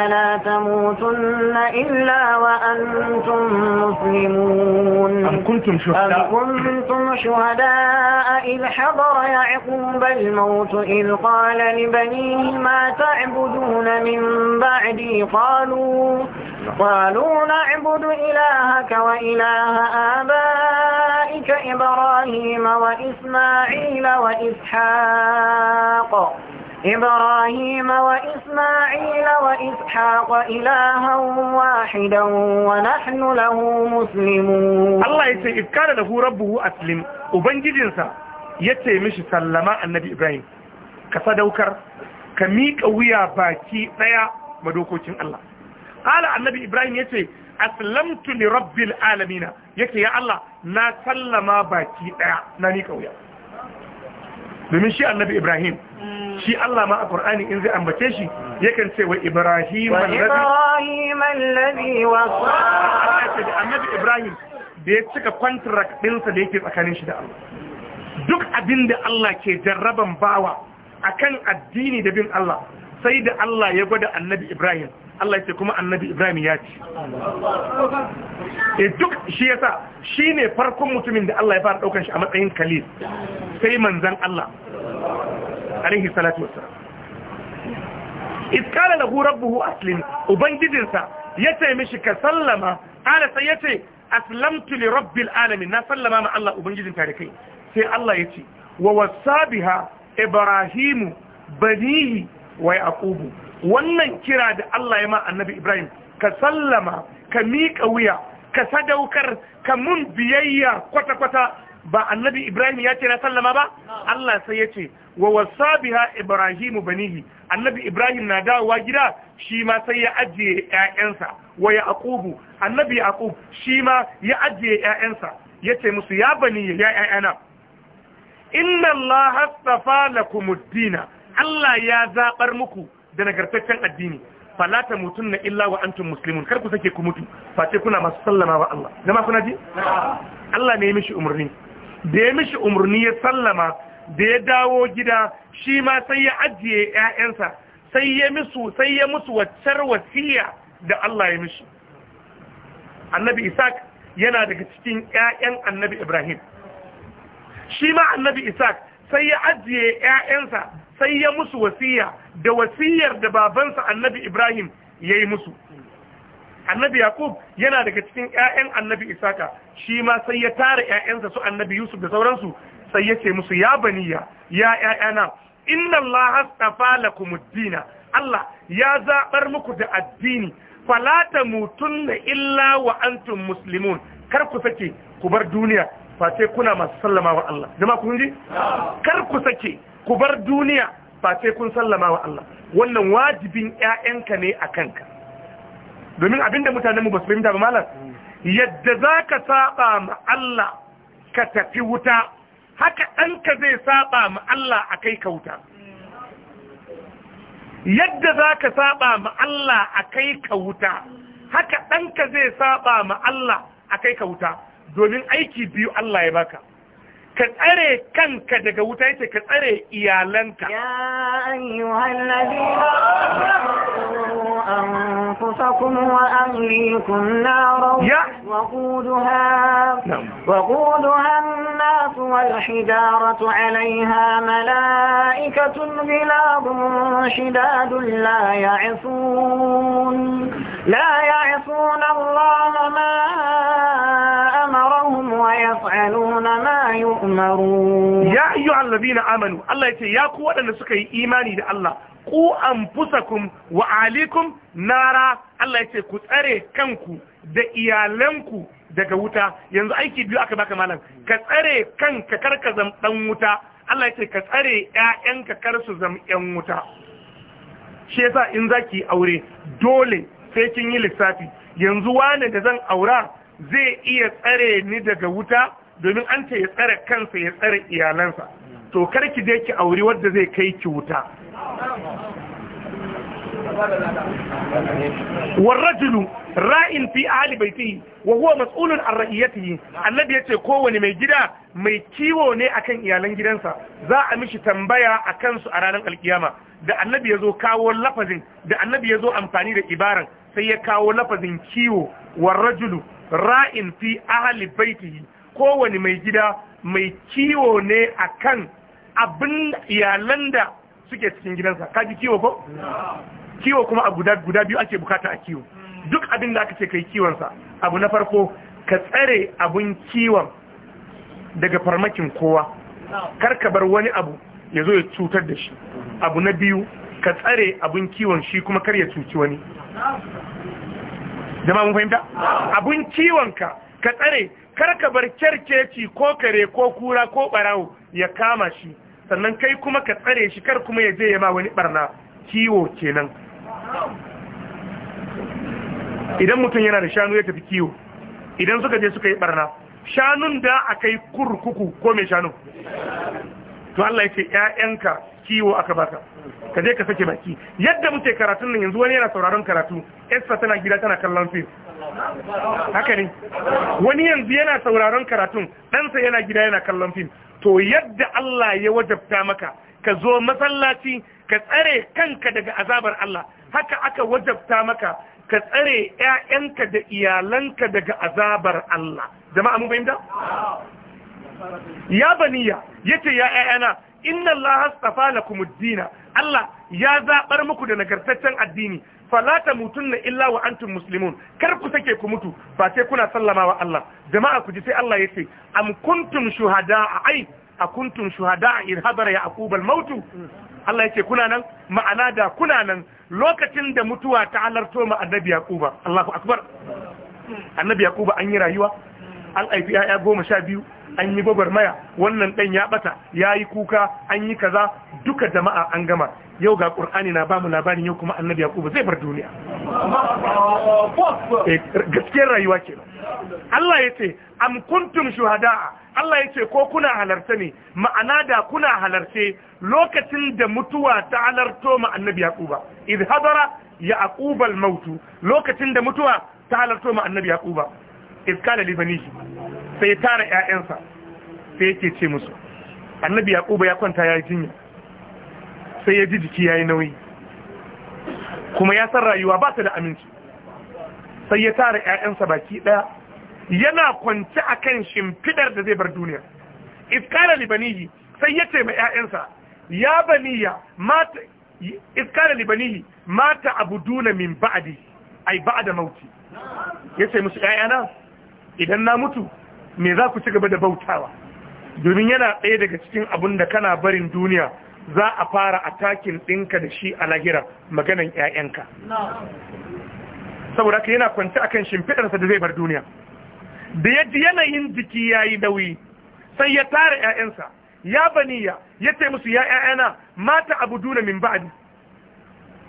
فلا تموتن إلا وأنتم مسلمون أم كنتم شهداء أم كنتم شهداء إذ حضر يعقوب الموت إذ قال لبنيه ما تعبدون من بعدي قالوا قالوا نعبد إلهك وإله آبائك إبراهيم وإسماعيل وإسحاق إبراهيم وإسماعيل وإسحاق إلها واحدا ونحن له مسلمون الله يسي إذ كان له ربه أسلم وبنجدنسا يتي مش سلما النبي إبراهيم كصدوكر كميك ويا باكي نيا مدوكوشن الله قال النبي إبراهيم يتي أسلمت لرب العالمين يتي يا الله نا سلما باكي نيا نانيك ويا domin shi annabi ibrahim hmm. shi Allah ma a Qur'ani in zai ambace shi yakan ce wa Ibrahim annabi Ibrahim da ya cika contract ɗinsa da yake tsakanin shi da Allah duk abin da Allah ke jarraban bawa akan addini da bin Allah sai da Allah ya gwada annabi Ibrahim Allah ya ce kuma annabi Ibrahim ya ce e eh, duk shi yasa shine farkon mutumin da Allah ya fara daukan shi a matsayin khalil sai manzon Allah alaihi salatu wassalam iskala lahu rabbuhu aslim ubangijinsa ya ce mishi ka sallama ala sai ya ce aslamtu li rabbil alamin na sallama ma Allah ubangijin tare kai sai Allah ya ce wa wasabiha ibrahimu banihi wa yaqubu wannan kira da Allah ya ma annabi Ibrahim ka sallama ka miƙa wuya ka sadaukar ka mun biyayya kwata-kwata ba annabi Ibrahim ya ce na sallama ba Allah sai ya ce wa wasabiha Ibrahim banihi annabi Ibrahim na dawowa gida shi ma sai ya ajiye ƴaƴansa wa Yaqubu annabi Yaqub shi ma ya ajiye ƴaƴansa yace musu ya bani ya ƴaƴana inna Allah astafa lakumud Allah ya zabar muku da nagartaccen addini fala ta na illa wa antum muslimun kar ku sake ku mutu face kuna masu sallama wa Allah ma kuna ji Allah ne ya mishi umurni da ya mishi umurni ya sallama da ya dawo gida shi ma sai ya ajiye ƴaƴansa sai ya musu sai ya musu waccar wasiya da Allah ya mishi annabi Isaac yana daga cikin ƴaƴan annabi Ibrahim shi ma annabi Isaac sai ya ajiye ƴaƴansa sai ya musu wasiya da wasiyar da babansa annabi ibrahim ya yi musu annabi yaqub yana daga cikin 'ya'yan annabi isaka shi ma sai ya tara 'ya'yansa su annabi yusuf da sauransu sai ya ce musu ya baniya ya 'ya'yana inna allaha astafa lakum muddina. allah ya zaɓar muku da addini fala tamutunna illa wa antum muslimun kar ku sake ku bar duniya face kuna masu sallama wa Allah jama'a kun ji kar ku sake ku bar duniya ba sai kun sallama wa Allah wannan wajibin ƴaƴanka ne a kanka domin abinda mutanen mu ba su fahimta ba malam yadda zaka saba ma Allah ka tafi wuta haka ɗanka zai saba ma Allah a kai ka wuta. yadda zaka saba ma Allah a kai ka wuta, haka ɗanka zai saba ma Allah a kai ka wuta, domin aiki biyu Allah ya baka ka tsare kanka daga wuta yace ka tsare iyalanka ya ayyuhalladhina amanu anfusakum wa ahlikum naran wa qudaha wa qudaha an-nasu wal hijaratu أنفسهم ويفعلون ما يؤمرون يا أيها الذين آمنوا الله يتي da allah لنسكي إيماني دا الله قو أنفسكم وعليكم نارا الله يتي كتأري كنكو da إيالنكو daga wuta yanzu aiki biyu aka baka malam ka tsare kanka karka zam dan wuta Allah ya ce ka tsare ƴaƴanka kar su zam ƴan wuta shi yasa in zaki aure dole sai kin yi lissafi yanzu wane da zan aura zai iya tsare ni daga wuta domin an ce ya tsare kansa ya tsare iyalansa to kar ki je ki auri wadda zai kai ki wuta والرجل ra'in fi ahli baitihi wa huwa mas'ulun an ra'iyatihi annabi yace kowane mai gida mai kiwo ne akan iyalan gidansa za a mishi tambaya akan su a ranar alkiyama da annabi yazo kawo lafazin da annabi yazo amfani da ibaran sai ya kawo lafazin kiwo war ra'in fi ahli baitihi kowane mai gida mai kiwo ne akan abin iyalan da suke cikin gidansa kaji kiwo ko kiwo kuma a guda guda biyu ake bukata a kiwo duk abin da aka ce kai sa abu na farko ka tsare abun kiwon daga farmakin kowa kar ka bar wani abu ya zo ya cutar da shi abu na biyu ka tsare abun kiwon shi kuma kar ya cuci wani zama mun fahimta abun kiwonka ka tsare kar ka bar kyarkeci ko kare ko kura ko barawo ya kama shi sannan kai kuma ka tsare shi kar kuma ya je ya ma wani barna kiwo kenan idan mutum yana da shanu ya tafi kiwo idan suka je suka yi barna shanun da aka yi kurkuku ko mai shanu to Allah ya ce ƴaƴanka kiwo aka baka ka je ka sake baki yadda muke karatun nan yanzu wani yana sauraron karatu esta tana gida tana kallon fim haka ne wani yanzu yana sauraron karatun ɗansa yana gida yana kallon fim to yadda Allah ya wajabta maka ka zo masallaci ka tsare kanka daga azabar Allah haka aka wajabta maka ka tsare ‘ya'yanka da iyalanka daga azabar Allah jama'a mun fahimta? ya baniya yace ya ‘ya'yana inna allaha astafa lakum ad-dina Allah ya zabar muku da nagartaccen addini fala tamutunna illa wa antum muslimun kar ku sake ku mutu ba sai kuna sallama wa Allah jama'a ku ji sai Allah yace am kuntum shuhada'a ai akuntum shuhada'a in hadara yaqub al-maut Allah yace kuna nan ma'ana da kuna nan lokacin da mutuwa ta halarto ma annabi yaquba Allahu akbar annabi yaquba an yi rayuwa an aifi 'ya'ya goma sha biyu an yi gwagwarmaya wannan ɗan ya ɓata ya yi kuka an yi kaza duka jama'a an gama yau ga ƙur'ani na ba bamu labarin yau kuma annabi yakubu zai bar duniya eh, gaskiyar rayuwa ke Allah ya ce am kuntum shuhada'a Allah ya ce ko kuna halarta ne ma'ana da kuna halarce lokacin da mutuwa ta halarto ma annabi yakuba idh hadara yaquba al mautu. lokacin da mutuwa ta halarto ma annabi yakuba libanishi sai tara ƴaƴansa sai yake ce musu annabi yaquba ya kwanta ya yi jinya sai ya ji jiki yi nauyi kuma ya san rayuwa ba ta da aminci sai ya tara ƴaƴansa baki ɗaya yana kwance kan shimfidar da zai bar duniya iskara libanihi sai ya ce ma ƴaƴansa ya baniya mata iskara libanihi mata abuduna min ba'di ai ba'da mauti yace musu ƴaƴana idan na mutu me za ku ci gaba da bautawa domin yana ɗaya daga cikin abin da kana barin duniya za a fara a takin ɗinka da shi a lahira maganan 'ya'yanka saboda ka yana kwanci a kan shimfiɗarsa da zai bar duniya da yadda yanayin jiki ya yi nauyi sai ya tara 'ya'yansa ya baniya ya ce musu ya 'ya'yana mata abu duna min ba'adi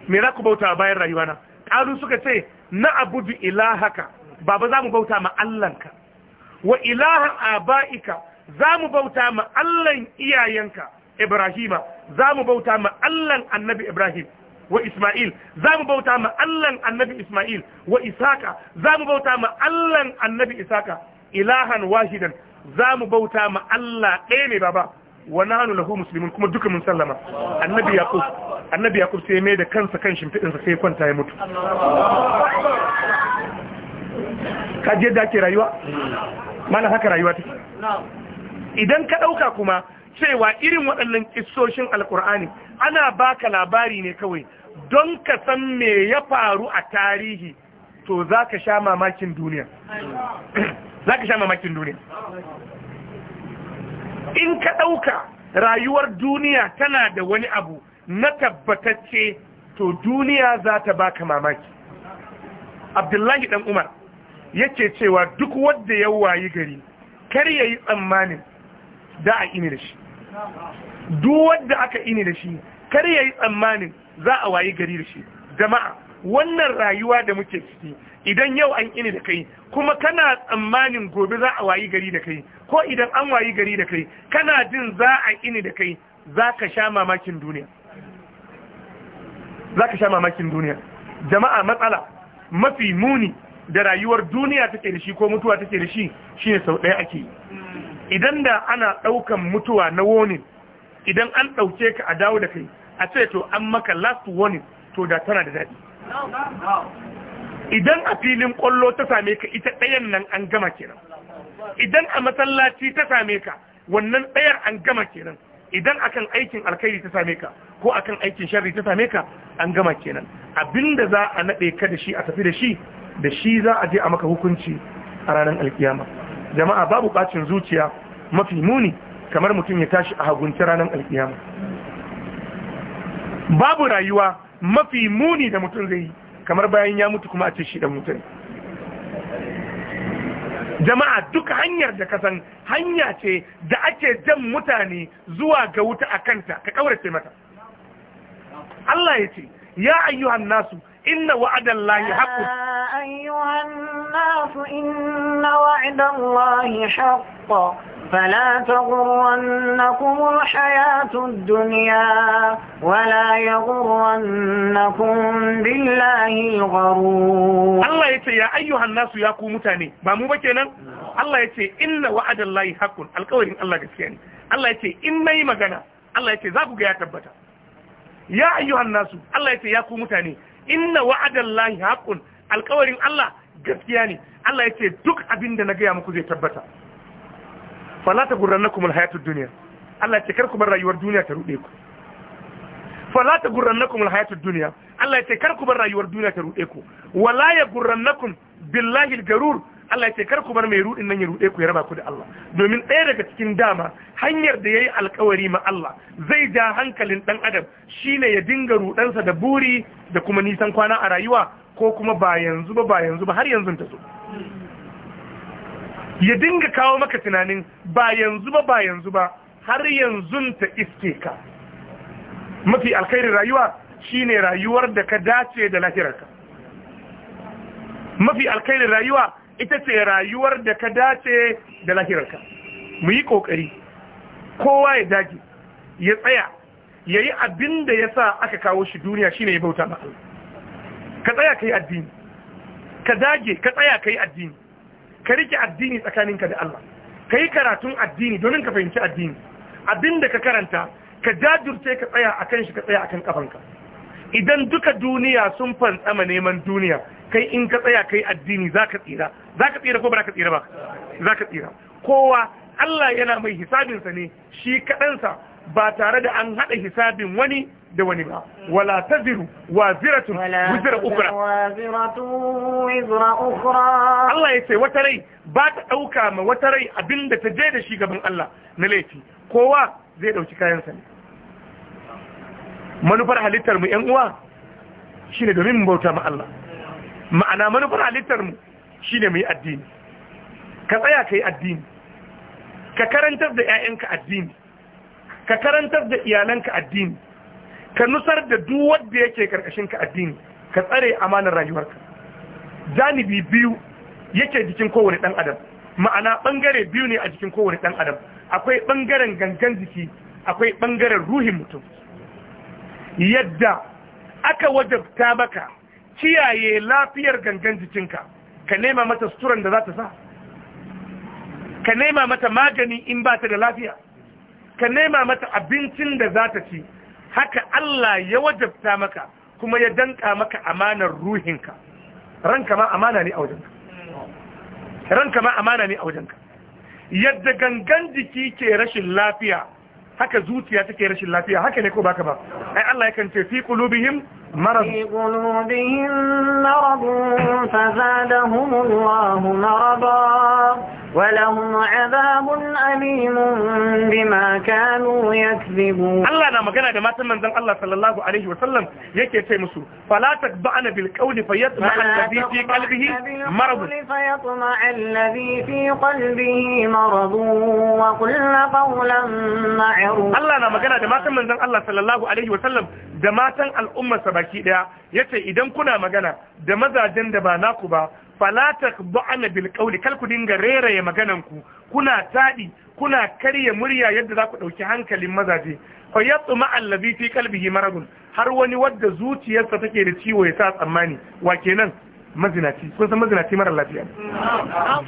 me za ku bauta bayan rayuwana ƙaru suka ce na ila ilahaka baba za mu bauta ma Allahnka wa ilaha aba'ika za mu bauta ma allan iyayenka Ibrahima za mu bauta ma allan annabi Ibrahim wa Ismail za mu bauta ma allan annabi Ismail wa Isaka za mu bauta ma Allahn annabi Isaka ilahan wahidan za mu bauta ma Allah ɗaya ne baba wa nahnu lahu muslimun kuma duka mun sallama annabi yaqub annabi yaqub sai mai da kansa kan shimfidin sa sai kwanta ya mutu je da ke rayuwa mana haka rayuwa take idan ka ɗauka kuma cewa irin waɗannan kissoshin alkur'ani ana baka labari ne kawai don ka san me ya faru a tarihi to za sha mamakin duniya za sha mamakin duniya in ka ɗauka rayuwar duniya tana da wani abu na tabbatacce to duniya za ta baka mamaki abdullahi Dan umar yake cewa duk wanda ya wayi gari kar ya yi tsammanin da a ini da shi duk wanda aka ini da shi kar ya yi tsammanin za a wayi gari da shi jama'a wannan rayuwa da muke ciki idan yau an ini da kai kuma kana tsammanin gobe za a wayi gari da kai ko idan an wayi gari da kai kana jin za a ini da kai za ka sha mamakin duniya za ka sha mamakin duniya jama'a matsala mafi muni da rayuwar duniya take da shi ko mutuwa take da shi shine sau ɗaya ake idan da ana ɗaukan mutuwa na warning idan an ɗauke ka a dawo da kai a ce to an maka last warning to da tana da daɗi idan a filin ƙwallo ta same ka ita ɗayan nan an gama kenan idan a masallaci ta same ka wannan ɗayar an gama kenan idan akan aikin alkhairi ta same ka ko akan aikin sharri ta same ka an gama kenan abinda za a naɗe ka da shi a tafi da shi da shi za a je a maka hukunci a ranar alkiyama jama'a babu bacin zuciya mafi muni kamar mutum ya tashi a hagunci ranar alkiyama babu rayuwa mafi muni da mutum zai yi kamar bayan ya mutu kuma a ce shi da mutum jama'a duk hanyar da kasan hanya ce da ake jan mutane zuwa ga wuta a kanta ka kaurace mata Allah ya ce ya ayyuhan nasu inna wa'adallahi haqqun أيها الناس إن وعد الله حق فلا تغرنكم الحياة الدنيا ولا يغرنكم بالله الغرور الله يتي يا أيها الناس يا كومتاني ما مبكينا الله يتي إن وعد الله حق القول الله كسياني يعني. الله يتي إني مغانا Allah ya ce za ku ga ya tabbata ya ayyuhan nasu Allah ya ce ya ku mutane alkawarin Allah gaskiya ne Allah ya ce duk abin da na gaya muku zai tabbata fala ta gurrannakum alhayatud dunya Allah ya ce kar ku bar rayuwar duniya ta rude ku fala ta gurrannakum alhayatud dunya Allah ya ce kar ku bar rayuwar duniya ta rude ku wala ya gurrannakum billahi algarur Allah ya ce kar ku bar mai rudin nan ya rude ku ya raba ku da Allah domin ɗaya daga cikin dama hanyar da yayi alkawari ma Allah zai ja hankalin dan adam shine ya dinga rudansa da buri da kuma nisan kwana a rayuwa ko kuma ba yanzu ba ba yanzu ba har yanzu ta zo ya dinga kawo maka tunanin ba yanzu ba ba yanzu ba har yanzu ta iske ka mafi alkhairi rayuwa shine rayuwar da ka dace da lahirarka mafi alkhairi rayuwa ita ce rayuwar da ka dace da lahirarka mu yi kokari kowa ya dage ya tsaya ya yi abin da sa aka kawo shi duniya shine ya bauta ma'aikata ka tsaya ka yi addini ka dage ka tsaya ka yi addini ka rike addini tsakaninka da Allah ka yi karatun addini domin ka fahimci addini abinda ka karanta ka jajirce ka tsaya a kan shi ka tsaya a kan kafanka idan duka duniya sun fantsama neman duniya kai in ka tsaya ka yi addini za ka tsira za ka tsira ko ba ka tsira ba za ka tsira kowa Allah yana mai hisabinsa ne shi kaɗansa ba tare da an haɗa hisabin wani da wani ba wala taziru Waziratu wizra Ukra. Allah ya ce wata rai ba ta dauka ma wata rai abinda ta je da shi gaban Allah na laifi kowa zai ɗauki kayansa ne manufar halittar mu uwa uwa shine domin mu bauta ma Allah ma'ana manufar halittar mu shine mu yi addini ka tsaya ka yi addini ka karantar da 'ya'yanka addini ka karantar da iyalanka addini ka nusar da duk wanda yake ka addini ka tsare amanar rayuwarka janibi biyu yake jikin kowane dan adam ma'ana bangare biyu ne a jikin kowane dan adam akwai bangaren gangan jiki akwai bangaren ruhin mutum yadda aka wajabta maka kiyaye lafiyar gangan jikinka ka nema mata suturan da za ta sa ka nema mata magani in ba ta da lafiya ka nema mata abincin da za ta ci haka Allah ya wajabta maka kuma ya danka maka amanar ruhinka ranka ma amana ne a wajenka ranka ma amana ne a wajenka yadda gangan jiki ke rashin lafiya haka zuciya take rashin lafiya haka ne ko baka ba ai Allah yakan ce fi qulubihim marad fi qulubihim marad fazadahum Allah marada ولهم عذاب أليم بما كانوا يكذبون الله نعم كان بما تمنزل الله صلى الله عليه وسلم يكي تيمسو فلا تتبعن بالقول فيطمع الذي في قلبه مرض فيطمع الذي في قلبه مرض وقلن قولا معروفا الله نعم كان بما تمنزل الله صلى الله عليه وسلم da matan al'ummarsa baki daya yace idan kuna magana da mazajen da ba naku ba falatak ba'ana bil qawli kal ku dinga reraye maganan ku kuna tadi kuna karya murya yadda za ku dauki hankalin mazaje fa yatma allazi fi qalbihi maradun har wani wadda zuciyarsa take da ciwo ya sa tsammani wa kenan mazinaci kun san mazinaci mara lafiya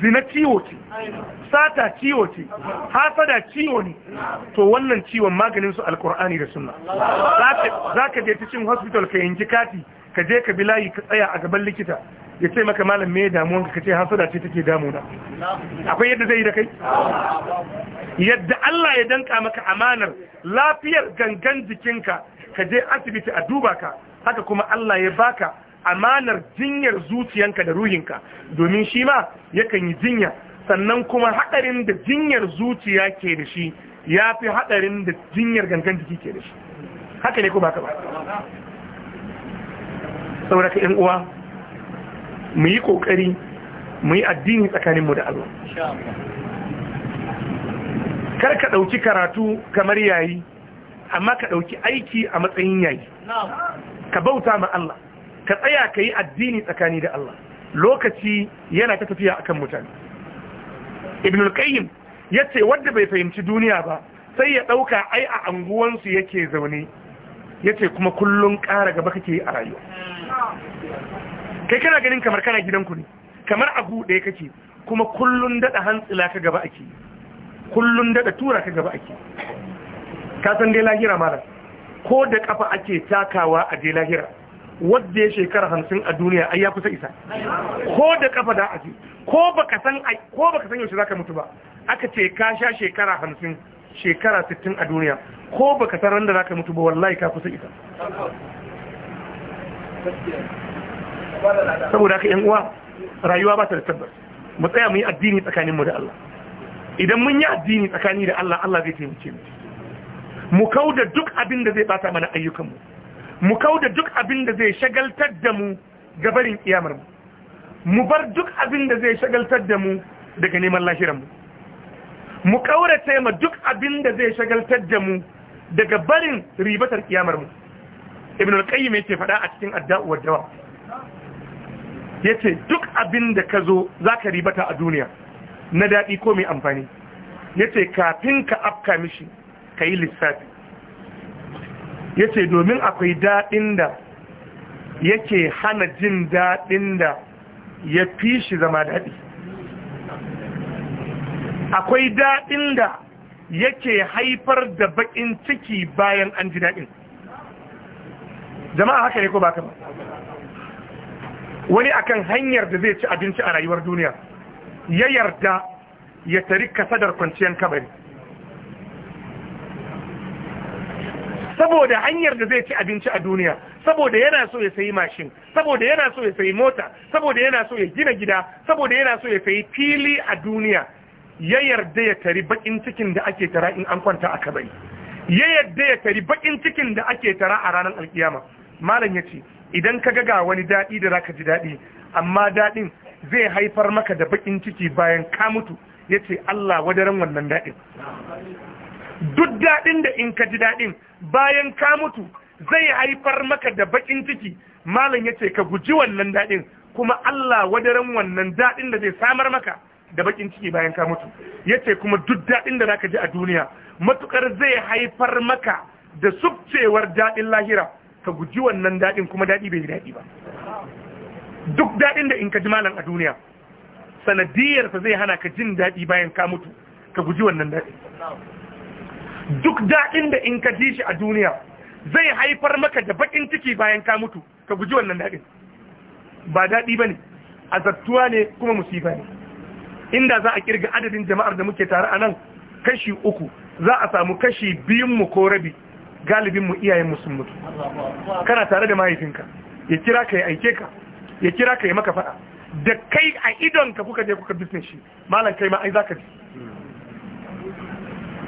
zina ciwo ce sata ciwo ce hasada ciwo ne to wannan ciwon maganin su alkur'ani da sunna za ka je cikin hospital ka yanki kati ka je ka bi layi ka tsaya a gaban likita ya ce maka malam me damuwanka ka ce hasada ce take damuna akwai yadda zai yi da kai yadda Allah ya danka maka amanar lafiyar gangan jikinka ka je asibiti a duba ka haka kuma Allah ya baka amanar jinyar zuciyanka da ruhinka domin shi ma yakan yi jinya sannan kuma haɗarin da jinyar zuciya ke da shi ya fi haɗarin da jinyar gangan jiki ke da shi haka ne ko ba ba sauraka ‘yan uwa mu yi ƙoƙari mu yi addini tsakaninmu da Allah kar ka ɗauki karatu kamar yayi amma ka ɗauki aiki a matsayin yayi ka bauta ma Allah ka tsaya ka yi addini tsakani da Allah lokaci yana ta tafiya akan mutane ibn al-qayyim yace wanda bai fahimci duniya ba sai ya dauka ai a su yake zaune yace kuma kullun ƙara gaba kake a rayuwa kai kana ganin kamar kana gidanku ne kamar a ɗaya kake kuma kullun dada hantsila ka gaba ake kullun dada tura ka gaba ake ka san dai lahira ko da kafa ake takawa a dai lahira wadda ya shekara hamsin a duniya ai ya kusa isa ko da kafa da aji ko baka san ko baka san yaushe ka mutu ba aka ce ka sha shekara hamsin shekara sittin a duniya ko baka san ran da ka mutu ba wallahi ka kusa isa saboda haka yan uwa rayuwa ba ta da tabbas mu tsaya mu yi addini tsakanin mu da Allah idan mun yi addini tsakani da Allah Allah zai taimake mu mu kauda duk abin da zai bata mana ayyukan mu mu kauda duk abin da zai shagaltar da mu gabarin kiyamar mu mu bar duk abin da zai shagaltar da mu daga neman lahiran mu mu kaurace ma duk abin da zai shagaltar da mu daga barin ribatar kiyamar mu ibn al-qayyim yake faɗa a cikin adda'u wa dawa yace duk abin da kazo zaka ribata a duniya na dadi ko mai amfani yace kafin ka afka mishi kai lissafi ya ce domin akwai daɗin da yake hana jin daɗin da ya fi shi zama daɗi akwai daɗin da yake haifar da baƙin ciki bayan an ji daɗin jama'a haka ne ko ba wani akan hanyar da zai ci abinci a rayuwar duniya ya yarda ya tari kasadar kwanciyar kabari saboda hanyar da zai ci abinci a duniya saboda yana so ya sayi mashin saboda yana so ya sayi mota saboda yana so ya gina gida saboda yana so ya sayi fili a duniya ya yarda ya tari bakin cikin da ake tara in an kwanta a kabari ya yarda ya tari bakin cikin da ake tara a ranar alkiyama malam ya ce idan ka ga wani daɗi da zaka ji daɗi amma daɗin zai haifar maka da bakin ciki bayan ka mutu ya ce Allah wadaran wannan daɗin duk daɗin da in ka ji daɗin bayan ka mutu zai haifar maka da bakin ciki malam ya ce ka guji wannan daɗin kuma Allah wadaran wannan daɗin da zai samar maka da bakin ciki bayan ka mutu ya ce kuma duk daɗin da zaka ji a duniya matuƙar zai haifar maka da subcewar daɗin lahira ka guji wannan daɗin kuma daɗi bai daɗi ba duk daɗin da in ka ji malam a duniya sanadiyarsa zai hana ka jin daɗi bayan ka mutu ka guji wannan daɗi duk daɗin da in ka ji shi a duniya zai haifar maka da baƙin ciki bayan ka mutu ka guji wannan daɗin ba daɗi ba ne azabtuwa ne kuma musifa ne inda za a kirga adadin jama'ar da muke tare a nan kashi uku za a samu kashi biyunmu ko rabi galibinmu iyayenmu sun mutu kana tare da mahaifinka ya kira ka ya aike ka ya kira ka ya maka faɗa da kai a idonka kuka je kuka bisne shi malam kai ma ai za ka ji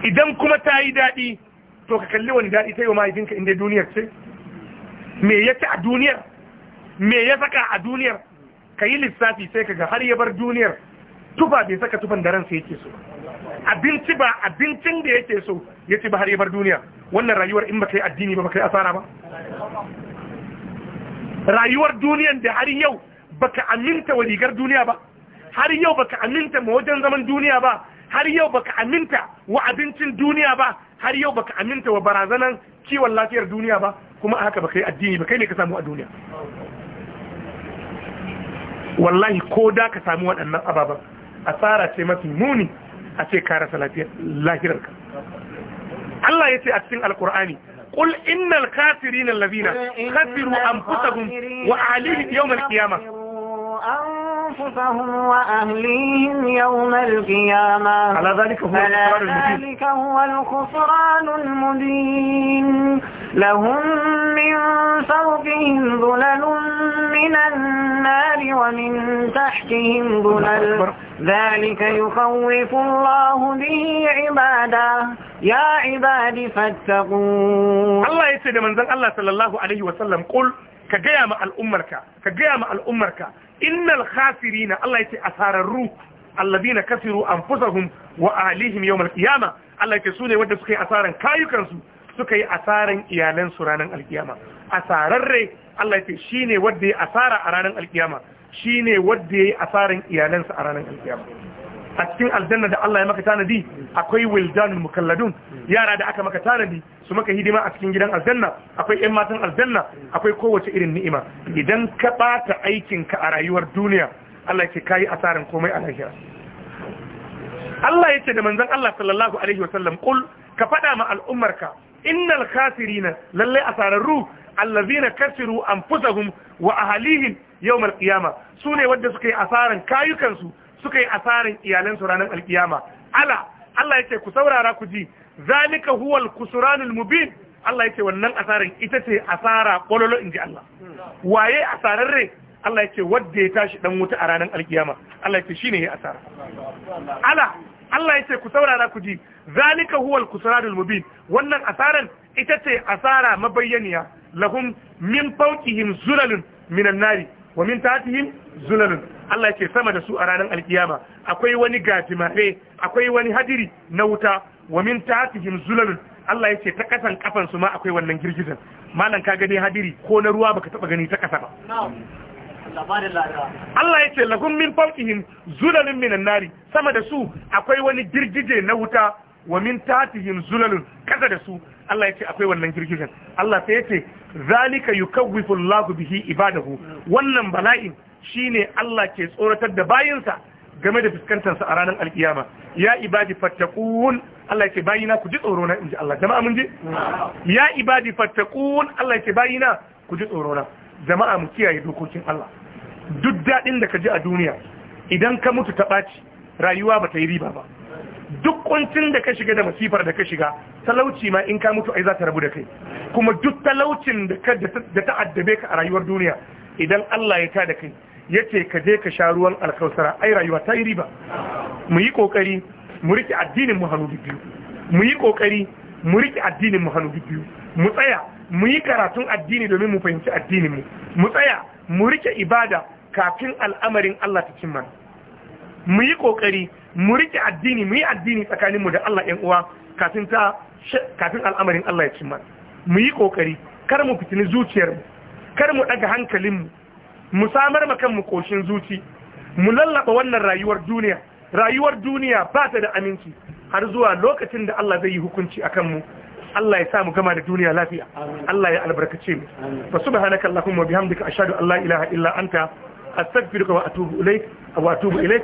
idan kuma ta yi daɗi to ka kalli wani daɗi ta yi wa mahaifinka inda duniyar ce me ya ci a duniyar me ya saka a duniyar ka yi lissafi sai ka ga har ya bar duniyar tufa bai saka tufan da ransa yake so abinci ba abincin da yake so ya ci ba har ya bar duniya wannan rayuwar in ba ka yi addini ba ba ka yi asara ba rayuwar duniyan da har yau baka aminta wa rigar duniya ba har yau baka aminta ma wajen zaman duniya ba har yau baka aminta wa abincin duniya ba har yau baka aminta wa barazanan kiwon lafiyar duniya ba kuma haka baka yi addini ba kai ne ka samu a duniya wallahi ko da ka samu waɗannan ababen asara ce mafi muni a ce ka rasa ka. Allah ya ce a cikin alkur'ani قل إن الكافرين الذين خسروا أنفسهم وأعليهم يوم القيامة أنفسهم وأهليهم يوم القيامة على ذلك هو الخسران ذلك هو الخسران المبين لهم من فوقهم ظلل من النار ومن تحتهم ظلل ذلك يخوف الله به عباده يا عبادي فاتقون الله يسيد من ذلك الله صلى الله عليه وسلم قل كجيام gaya كجيام al'ummarka innal khasirina Allah yace asararru alladhina kasiru anfusahum wa ahlihim yau alqiyama Allah yace sune wanda suka yi asaran kayukansu suka yi asaran iyalan su ranan alqiyama asararre Allah yace shine wanda ya asara a ranar ranan shi ne wanda ya yi asaran iyalansa a ranan alqiyama a cikin aljanna da Allah ya maka tanadi akwai wildanul mukalladun yara da aka maka tanadi su maka hidima a cikin gidan aljanna akwai ƴan matan aljanna akwai kowace irin ni'ima idan ka bata aikin ka a rayuwar duniya Allah yake kai asaran komai a lahira Allah yake da manzon Allah sallallahu alaihi wasallam kul ka fada ma al'ummarka innal khasirina lalle asararru allazina kasiru anfusahum wa ahlihim yawmal qiyamah sune wanda suka yi asaran kayukansu suka yi asarin iyalansu ranar alkiyama ala Allah yake ku saurara ku ji zalika huwal kusuranul mubin Allah yake wannan asarin ita ce asara kololo inji Allah waye asarar asararre Allah yake wadda ya tashi dan wuta a ranar alkiyama Allah yake shine ya asara ala Allah yake ku saurara ku ji zalika huwal kusuranul mubin wannan asaran ita ce asara mabayyaniya lahum min fawqihim zulalun minan nari wa min tatihim zulalun Allah yake sama da su a ranar alkiyama akwai wani gajimare akwai wani hadiri na wuta wa min tatihim zulalun Allah yake ta kasan kafan su ma akwai wannan girgizan malam ka gani hadiri ko na ruwa baka taba gani ta kasa ba Allah yake lahum min fawqihim zulalun minan nari sama da su akwai wani girgije na wuta wa min tatihim zulalun kaza da su Allah ya ce akwai wannan girgijan. Allah sai ya zalika yukawwifu Allahu bihi ibadahu wannan bala'in shine Allah ke tsoratar da bayinsa game da fuskantar sa a ranar alkiyama ya ibadi fattaqun Allah ya ce bayina ku ji tsoro na inji Allah jama'a mun ji ya ibadi fattaqun Allah ya ce bayina ku ji tsoro na jama'a mu kiyaye dokokin Allah duk dadin da ka ji a duniya idan ka mutu ta ɓaci rayuwa ba ta yi riba ba duk kuncin da ka shiga da masifar da ka shiga talauci ma in ka mutu ai za ta rabu da kai kuma duk talaucin da ka ta addabe ka a rayuwar duniya idan Allah ya tada kai yace ka je ka sha ruwan alkausara ai rayuwa ta yi riba mu yi kokari mu rike addinin mu hannu biyu mu yi kokari mu rike addinin mu hannu biyu mu tsaya mu yi karatun addini domin mu fahimci addinin mu mu tsaya mu rike ibada kafin al'amarin Allah ta cimma mu yi kokari mu rike addini mu yi addini tsakanin da Allah ɗan uwa kafin al'amarin Allah ya ci mana mu yi kokari kar mu fitini zuciyar mu kar mu ɗaga hankalin mu mu samar ma kanmu koshin zuci mu lallaba wannan rayuwar duniya rayuwar duniya ba ta da aminci har zuwa lokacin da Allah zai yi hukunci akan mu Allah ya mu gama da duniya lafiya Allah ya albarkace mu fa subhanaka allahumma bihamdika ashhadu an la ilaha illa anta astaghfiruka wa atubu ilayk wa atubu ilayk